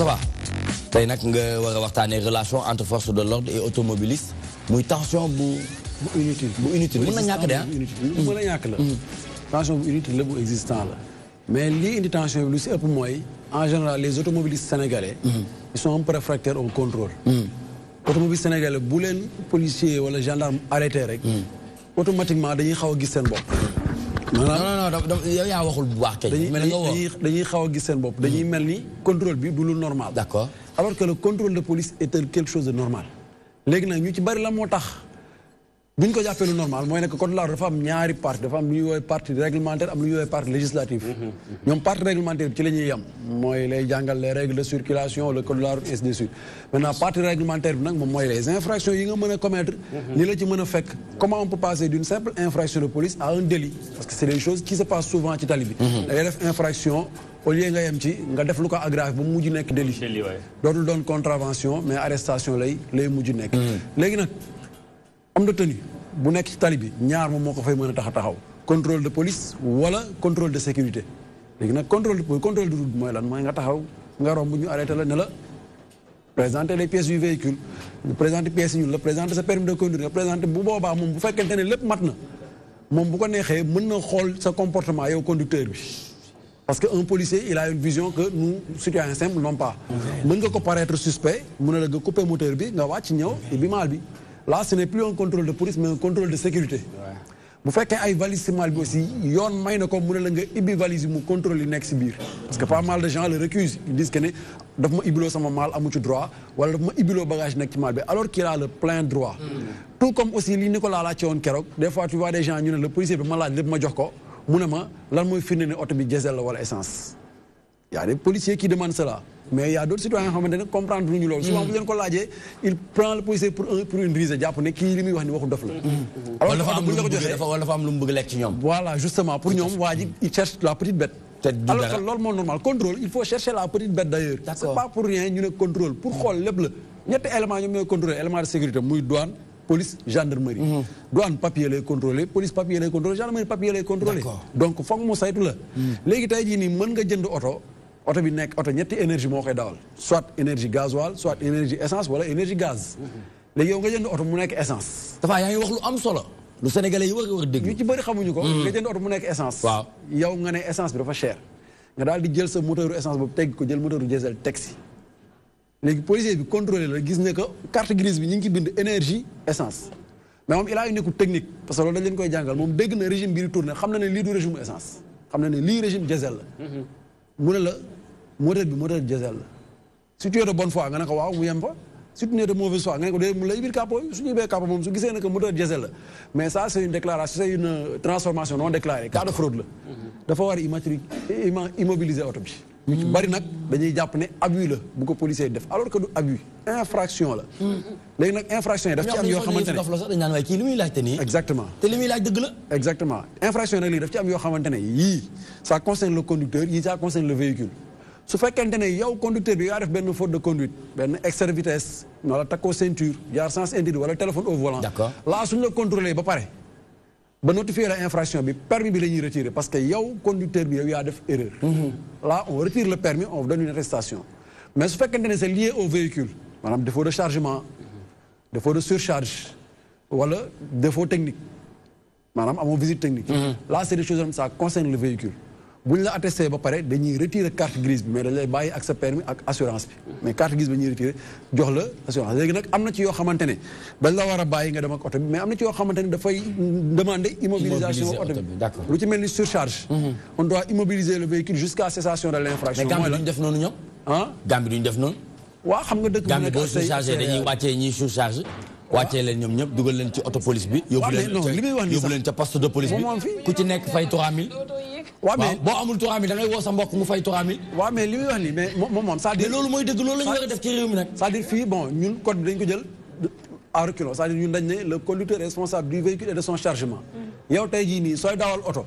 Moustapha tey nga wara a relation entre force de l'ordre et automobiliste muy tension bu. bu inutile bu inutile na ah. mm. a la. Mm. tension bu inutile la bu existant la. mais li indi tension bi lu pour moi en général les automobilistes sénégalais. Mm. ils sont un peu réfractaires au contrôle. automobiliste sénégalais bu leen policier wala gendarme arrêté rek. automatiquement dañuy xaw a gis seen non non non yow yaa waxul bu baax kay. dañuy xaw a gis seen bopp dañuy mel ni contrôle bi du lu normal. d'accord alors que le contrôle de police est quelque chose de normal léegi nag ñu ci bari la moo buñ ko jàppee lu normal mooy nekk code la dafa am ñaari parti dafa am lu ñuy woowee parti réglementaire am lu ñuy woowee parti législatif mhm, mhm. ñoom parti réglementaire ci la ñuy yem mooy lay jàngal les règles de circulation le code de la route ainsi maintenant parti réglementaire bi nag moom mooy les infractions yi nga mën a commettre mhm. li la ci mën a fekk comment on peut passer d'une simple infraction de police à un délit parce que c'est des choses qui se passent souvent ci tali bi da ngay def infraction au lieu nga yem ci nga def lu ko aggrave ba mu mujj nekk délit dootul doon contravention mais arrestation lay lay mujj nekk léegi nag am na tenue bu nekk ci tali bi ñaar moom moo ko fay mën a taxaw contrôle de police wala contrôle de sécurité léegi nag contrôle de contrôle de route mooy lan mooy nga taxaw nga romb ñu arrêté la ne la présenter les pièces du véhicule présenter pièces yi ñu la présenter sa permis de conduire nga présenter bu boobaa moom bu fekkente ne lépp mat na moom bu ko neexee mën na xool sa comportement yow conducteur bi parce que un policier il a une vision que nous citoyens simples non pas mën nga ko paraître suspect mën na la nga couper moteur bi nga wàcc ñëw bi maal bi là ce n'est plus un contrôle de police mais un contrôle de sécurité Vous y valise si mal aussi il y ko valise contrôle parce que pas mal de gens le recusent. ils disent que ne daf ma ibiloo sama amu droit wala daf bagage alors qu'il a le plein droit hmm. tout comme aussi Nicolas Lachon Kerok, des fois tu vois des gens le policier est ma laaj ma jox ko y a des qui demandent cela mais y a d'autres citoyens yoo xamante ne comprendre lu ñu loolu souvent bu leen ko laajee il prend le pour une risée jàpp ne kii li muy wax ni waxu dof la alors dafa am lu mu bëgg lekk ci ñoom voilà justement pour ñoom waa ji il cherche la petite bête alors que loolu moo normal contrôle il faut chercher la petite bête d'ailleurs c'est pas pour rien ñu ne contrôle pour xool lépp la ñetti élément ñoom ñooy contrôler élément oto bi nekk oto ñetti énergie moo koy dawal soit énergie gasoil soit énergie essence wala énergie gaz. léegi yow nga jënd oto mu nekk essence. dafa yaa wax lu am solo. lu sénégalais yi war a war a dégg. ñu ci bëri xamuñu ko. Hmm. nga jënd oto mu nekk essence. waaw yow nga ne essence bi dafa cher. nga daal di jël sa moteuru essence boobu teg ko jël moteuru diesel teg léegi policier bi contrôlé la gis ne carte grise bi ñu ngi ci bind énergie essence. mais moom il a une écoute technique parce que modèle bi modèle diesel la si tu es de bonne foi nga ne waaw mu yem fa si tu es de mauvaise foi nga ko dee mu lay bir capot su ñu bee capot moom su gisee nak que modèle diesel la mais ça c'est une déclaration c'est une transformation non déclarée cas de fraude la dafa war a immatriculer immobiliser oto bi ñu ci bari nak dañuy japp né abus la bu ko police def alors que du abus infraction la légui nak infraction yi daf ci am yoo xamante ne dañ naan waaye kii li muy laajte exactement te li laaj dëgg la exactement infraction yi nag daf ci am yoo xamante ne ça concerne le conducteur yii ça concerne le véhicule su y a un conducteur qui a def une faute de conduite une excès de vitesse wala takkoo ceinture jaar sens wala téléphone au volant. d'accord laa suñu la contrôlé ba pare ba notifier la infraction bi permis bi la ñuy retirer parce que yow conducteur bi yow yaa def erreur. Mhm. là on retire le permis on donne une arrestation. mais ce fait ne c'est lié au véhicule maanaam défaut de chargement défaut de surcharge wala défaut technique Madame, à mon visite technique. Mhm. là c'est des choses comme ça concerne le véhicule. bu ñu la attesté ba pare dañuy retirer carte grise bi mais dañ lay bàyyi ak sa permis ak assurance bi mais carte grise bi ñuy retirer jox la assurance léegi nag am na ci yoo xamante ne dañ la war a bàyyi nga dem ak oto bi mais am na ci yoo xamante dafay demander immobilisation oto bi lu ci mel ni surcharge mhm. on doit immobiliser le véhicule jusqu'à cessation de l'infraction mais Gambie duñ def noonu ñoom ah Gambie duñ def noonu waaw xam nga dëkk boo surchargé euh, ñëpp dugal leen ci auto police bi yóbbu leen waa mais boo amul 3000 da ngay woo sa mbokk mu fay 3000. waaw mais li muy wax nii mais moom moom cest à loolu mooy dëgg loolu la war a def ci réew mi nag. c'est-à-dire fii bon ñun code dañ ko jël à reculons cest ñun dañ ne le conducteur responsable du véhicule et de son chargement. Mm. yow tey jii nii sooy dawal oto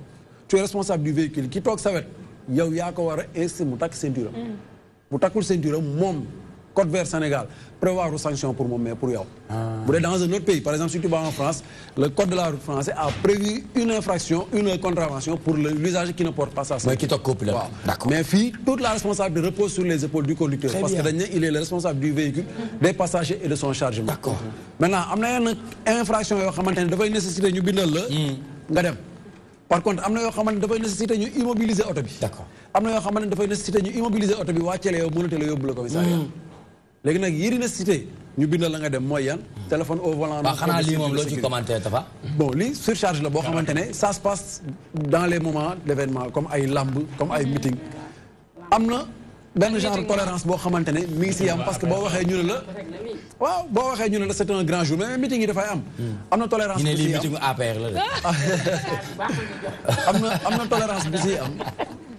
tu es responsable du véhicule ki toog sa wet yow yaa ko war a insi mu takk ceinture am. bu mm. takkul ceinture moom. Côte vert Sénégal prévoir une sanctions pour mon maire, pour yow. Vous ah. êtes dans un autre pays par exemple si tu vas en France le code de la route français a prévu une infraction une contravention pour l'usager qui ne porte pas sa Mais qui te t'occupe là-bas. d'accord mais fille, toute la responsabilité repose sur les épaules du conducteur. parce que il est le responsable du véhicule. des passagers et de son chargement. d'accord maintenant y a une infraction qui xamante dafay nécessiter ñu bindal la. Hmm. nga par contre il y a une ne dafay nécessité ñu immobiliser Nous, bi. d'accord am na nécessité immobiliser Il bi a une nécessité léegi nag Yérini cité ñu bind la nga dem mooy yan téléphone au volant. non xanaa lii moom loo ci commenté Tafa. bon lii surcharge la boo xamante ne ça se passe dans les moments d' comme ay lamb comme ay meeting am na benn genre tolérance boo xamante ne mi ngi si am parce que boo waxee ñu ne la. waaw boo waxee ñu ne la c' est un grand jour mais meeting yi dafay am. am na tolérance bu siy am ñu ne lii meeting am na am na tolérance bu am.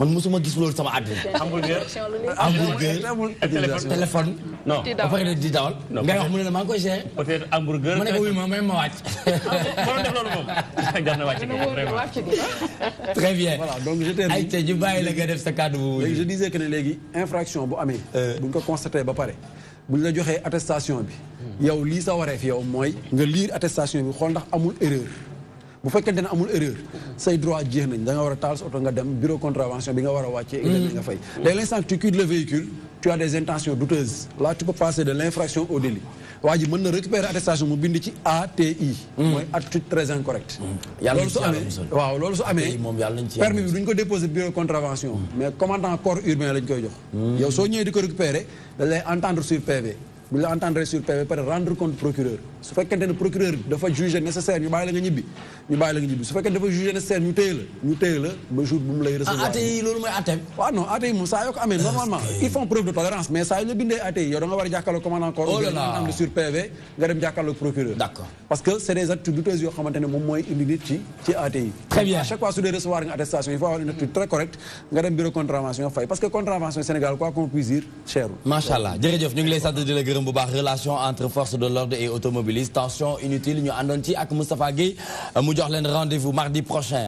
man musuma gis loolu sama àddina. hamburger hamburger téléphone. non ba pare di dawal. ngay wax mu ne la maa ngi koy cher. peut être hamburger ma ne ko wuyu ma may ma wàcc. mënoon def loolu moom. jar na wàcc vraiment. très bien. voilà donc je termine ay tey ñu bàyyi la nga def sa kàddu bu léegi je disais que ne léegi infraction bu amee. Euh. bu ñu ko constaté ba pare. bu ñu la joxee attestation bi. yow lii sa wareef yow mooy. nga lire attestation bi xool ndax amul erreur bu fekkente ne amul erreur say droit jeex nañ da nga war a taal sa nga dem bureau contravention bi nga war a mm-hmm. dès l'instant que tu quittes le véhicule tu as des intentions douteuses là tu peux passer de l'infraction au délit waa ji récupérer attestation mu bind ci ATI mm-hmm. attitude très incorrecte mm-hmm. loolu su amee permis de duñ ko déposer bureau contravention mais commandant corps urbain lañ koy jox yow soo ñëwee di ko récupérer da lay entendre sur PV bu la entendre sur PV pour rendre compte procureur su fekkente ne procureur dafa jugé nécessaire ñu bàyyi la nga ñibbi ñu bàyyi la nga ñibbi su fekkee dafa jugé nécessaire ñu téye la ñu téye la ba jour bu mu lay recevoir ah, atte yi loolu mooy atte waaw non atte yi moom saa yoo ko amee normalement ils font preuve de tolérance mais saa yoo la bindee atte yi yow da nga war a jàkkaarloo commandant corps am de sur PV nga dem jàkkaarloo procureur d'accord parce que c'est des actes douteuses yoo xamante ne moom mooy indi nit ci ci atte yi très bien à chaque fois su dee recevoir nga attestation il faut avoir une attitude très correcte nga dem bureau contravention fay parce que contravention Sénégal quoi qu'on puisse dire cherul macha allah jërëjëf ñu ngi lay sant di la gërëm bu baax relation entre force de l'ordre et automobile mobilise tension inutile ñu andon ci ak Moustapha Guèye mu jox rendez-vous mardi prochain